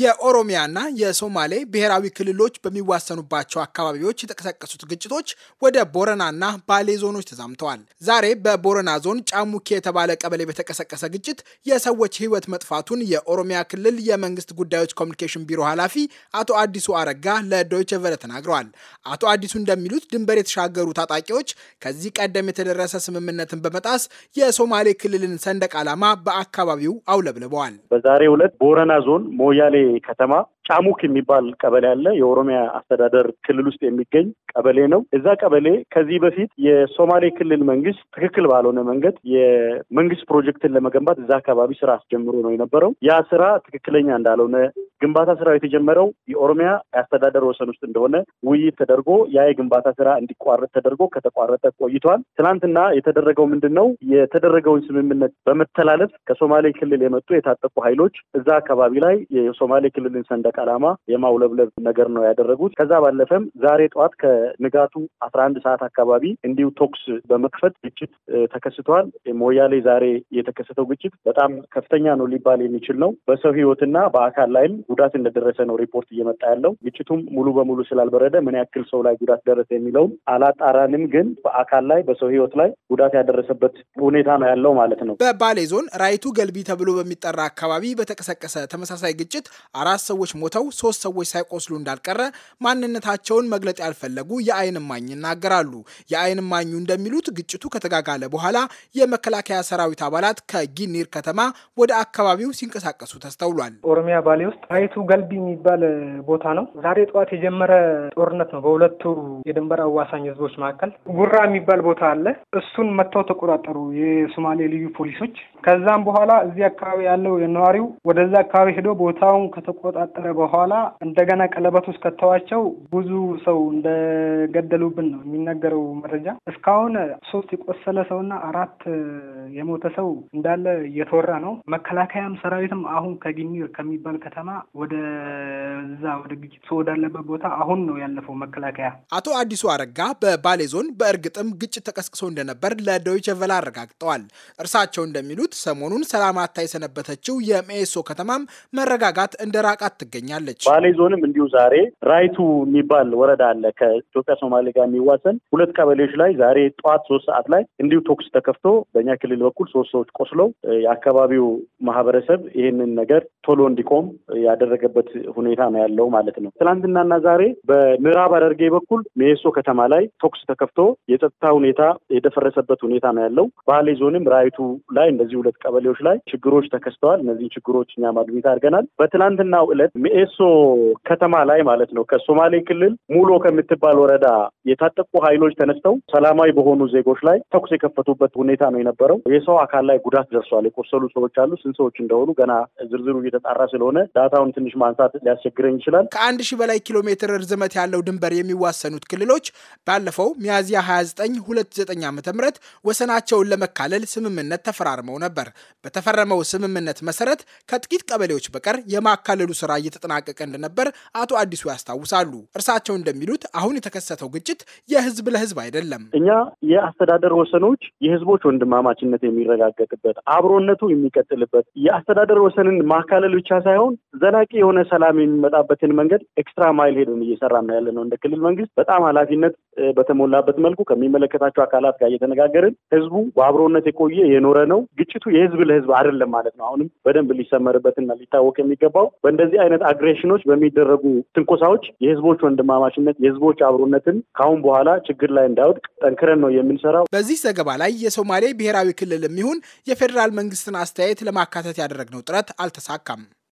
የኦሮሚያና የሶማሌ ብሔራዊ ክልሎች በሚዋሰኑባቸው አካባቢዎች የተቀሰቀሱት ግጭቶች ወደ ቦረናና ባሌ ዞኖች ተዛምተዋል። ዛሬ በቦረና ዞን ጫሙኬ የተባለ ቀበሌ በተቀሰቀሰ ግጭት የሰዎች ሕይወት መጥፋቱን የኦሮሚያ ክልል የመንግስት ጉዳዮች ኮሚኒኬሽን ቢሮ ኃላፊ አቶ አዲሱ አረጋ ለዶይቼ ቬለ ተናግረዋል። አቶ አዲሱ እንደሚሉት ድንበር የተሻገሩ ታጣቂዎች ከዚህ ቀደም የተደረሰ ስምምነትን በመጣስ የሶማሌ ክልልን ሰንደቅ ዓላማ በአካባቢው አውለብልበዋል። በዛሬው ዕለት ቦረና ዞን ሞያሌ ከተማ ጫሙክ የሚባል ቀበሌ አለ። የኦሮሚያ አስተዳደር ክልል ውስጥ የሚገኝ ቀበሌ ነው። እዛ ቀበሌ ከዚህ በፊት የሶማሌ ክልል መንግስት ትክክል ባልሆነ መንገድ የመንግስት ፕሮጀክትን ለመገንባት እዛ አካባቢ ስራ አስጀምሮ ነው የነበረው። ያ ስራ ትክክለኛ እንዳልሆነ ግንባታ ስራው የተጀመረው የኦሮሚያ የአስተዳደር ወሰን ውስጥ እንደሆነ ውይይት ተደርጎ ያ የግንባታ ስራ እንዲቋረጥ ተደርጎ ከተቋረጠ ቆይቷል። ትናንትና የተደረገው ምንድን ነው? የተደረገውን ስምምነት በመተላለፍ ከሶማሌ ክልል የመጡ የታጠቁ ኃይሎች እዛ አካባቢ ላይ የሶማሌ ክልልን ሰንደቅ ዓላማ የማውለብለብ ነገር ነው ያደረጉት። ከዛ ባለፈም ዛሬ ጠዋት ከንጋቱ አስራ አንድ ሰዓት አካባቢ እንዲሁ ተኩስ በመክፈት ግጭት ተከስተዋል። ሞያሌ ዛሬ የተከሰተው ግጭት በጣም ከፍተኛ ነው ሊባል የሚችል ነው። በሰው ህይወትና በአካል ላይም ጉዳት እንደደረሰ ነው ሪፖርት እየመጣ ያለው። ግጭቱም ሙሉ በሙሉ ስላልበረደ ምን ያክል ሰው ላይ ጉዳት ደረሰ የሚለውን አላጣራንም፣ ግን በአካል ላይ በሰው ህይወት ላይ ጉዳት ያደረሰበት ሁኔታ ነው ያለው ማለት ነው። በባሌ ዞን ራይቱ ገልቢ ተብሎ በሚጠራ አካባቢ በተቀሰቀሰ ተመሳሳይ ግጭት አራት ሰዎች ሞተው ሶስት ሰዎች ሳይቆስሉ እንዳልቀረ ማንነታቸውን መግለጥ ያልፈለጉ የአይን እማኝ ይናገራሉ። የአይን እማኙ እንደሚሉት ግጭቱ ከተጋጋለ በኋላ የመከላከያ ሰራዊት አባላት ከጊኒር ከተማ ወደ አካባቢው ሲንቀሳቀሱ ተስተውሏል። ኦሮሚያ ባሌ ውስጥ ጣይቱ ገልቢ የሚባል ቦታ ነው። ዛሬ ጠዋት የጀመረ ጦርነት ነው በሁለቱ የድንበር አዋሳኝ ህዝቦች መካከል። ጉራ የሚባል ቦታ አለ። እሱን መጥተው ተቆጣጠሩ የሶማሌ ልዩ ፖሊሶች። ከዛም በኋላ እዚህ አካባቢ ያለው ነዋሪው ወደዛ አካባቢ ሄዶ ቦታውን ከተቆጣጠረ በኋላ እንደገና ቀለበት ውስጥ ከተዋቸው ብዙ ሰው እንደገደሉብን ነው የሚነገረው መረጃ። እስካሁን ሶስት የቆሰለ ሰውና አራት የሞተ ሰው እንዳለ እየተወራ ነው። መከላከያም ሰራዊትም አሁን ከጊኒር ከሚባል ከተማ ወደዛ ወደ ግጭት ወዳለበት ቦታ አሁን ነው ያለፈው መከላከያ። አቶ አዲሱ አረጋ በባሌ ዞን በእርግጥም ግጭት ተቀስቅሶ እንደነበር ለዶይቸ ቨለ አረጋግጠዋል። እርሳቸው እንደሚሉት ሰሞኑን ሰላም አጥታ የሰነበተችው የሜሶ ከተማም መረጋጋት እንደ ራቃት ትገኛለች። ባሌ ዞንም እንዲሁ ዛሬ ራይቱ የሚባል ወረዳ አለ ከኢትዮጵያ ሶማሌ ጋር የሚዋሰን ሁለት ቀበሌዎች ላይ ዛሬ ጠዋት ሶስት ሰዓት ላይ እንዲሁ ተኩስ ተከፍቶ በእኛ ክልል በኩል ሶስት ሰዎች ቆስለው የአካባቢው ማህበረሰብ ይህንን ነገር ቶሎ እንዲቆም ያደረገበት ሁኔታ ነው ያለው ማለት ነው። ትናንትናና ዛሬ በምዕራብ ሐረርጌ በኩል ሜሶ ከተማ ላይ ተኩስ ተከፍቶ የጸጥታ ሁኔታ የደፈረሰበት ሁኔታ ነው ያለው። ባሌ ዞንም ራይቱ ላይ እንደዚህ ሁለት ቀበሌዎች ላይ ችግሮች ተከስተዋል። እነዚህ ችግሮች እኛ ማግኘት አድርገናል። በትናንትናው ዕለት ሜሶ ከተማ ላይ ማለት ነው ከሶማሌ ክልል ሙሎ ከምትባል ወረዳ የታጠቁ ኃይሎች ተነስተው ሰላማዊ በሆኑ ዜጎች ላይ ተኩስ የከፈቱበት ሁኔታ ነው የነበረው። የሰው አካል ላይ ጉዳት ደርሷል። የቆሰሉ ሰዎች አሉ። ስንት ሰዎች እንደሆኑ ገና ዝርዝሩ እየተጣራ ስለሆነ ዳታ እሱን ትንሽ ማንሳት ሊያስቸግረኝ ይችላል። ከአንድ ሺህ በላይ ኪሎ ሜትር ርዝመት ያለው ድንበር የሚዋሰኑት ክልሎች ባለፈው ሚያዝያ 29 29 ዓ ም ወሰናቸውን ለመካለል ስምምነት ተፈራርመው ነበር። በተፈረመው ስምምነት መሰረት ከጥቂት ቀበሌዎች በቀር የማካለሉ ስራ እየተጠናቀቀ እንደነበር አቶ አዲሱ ያስታውሳሉ። እርሳቸው እንደሚሉት አሁን የተከሰተው ግጭት የህዝብ ለህዝብ አይደለም። እኛ የአስተዳደር ወሰኖች የህዝቦች ወንድማማችነት የሚረጋገጥበት አብሮነቱ የሚቀጥልበት የአስተዳደር ወሰንን ማካለል ብቻ ሳይሆን ዘላቂ የሆነ ሰላም የሚመጣበትን መንገድ ኤክስትራ ማይል ሄደን እየሰራ ነው ያለ ነው። እንደ ክልል መንግስት በጣም ኃላፊነት በተሞላበት መልኩ ከሚመለከታቸው አካላት ጋር እየተነጋገርን ህዝቡ በአብሮነት የቆየ የኖረ ነው። ግጭቱ የህዝብ ለህዝብ አይደለም ማለት ነው። አሁንም በደንብ ሊሰመርበትና ሊታወቅ የሚገባው በእንደዚህ አይነት አግሬሽኖች በሚደረጉ ትንኮሳዎች የህዝቦች ወንድማማችነት፣ የህዝቦች አብሮነትን ከአሁን በኋላ ችግር ላይ እንዳይወድቅ ጠንክረን ነው የምንሰራው። በዚህ ዘገባ ላይ የሶማሌ ብሔራዊ ክልል የሚሆን የፌዴራል መንግስትን አስተያየት ለማካተት ያደረግነው ጥረት አልተሳካም።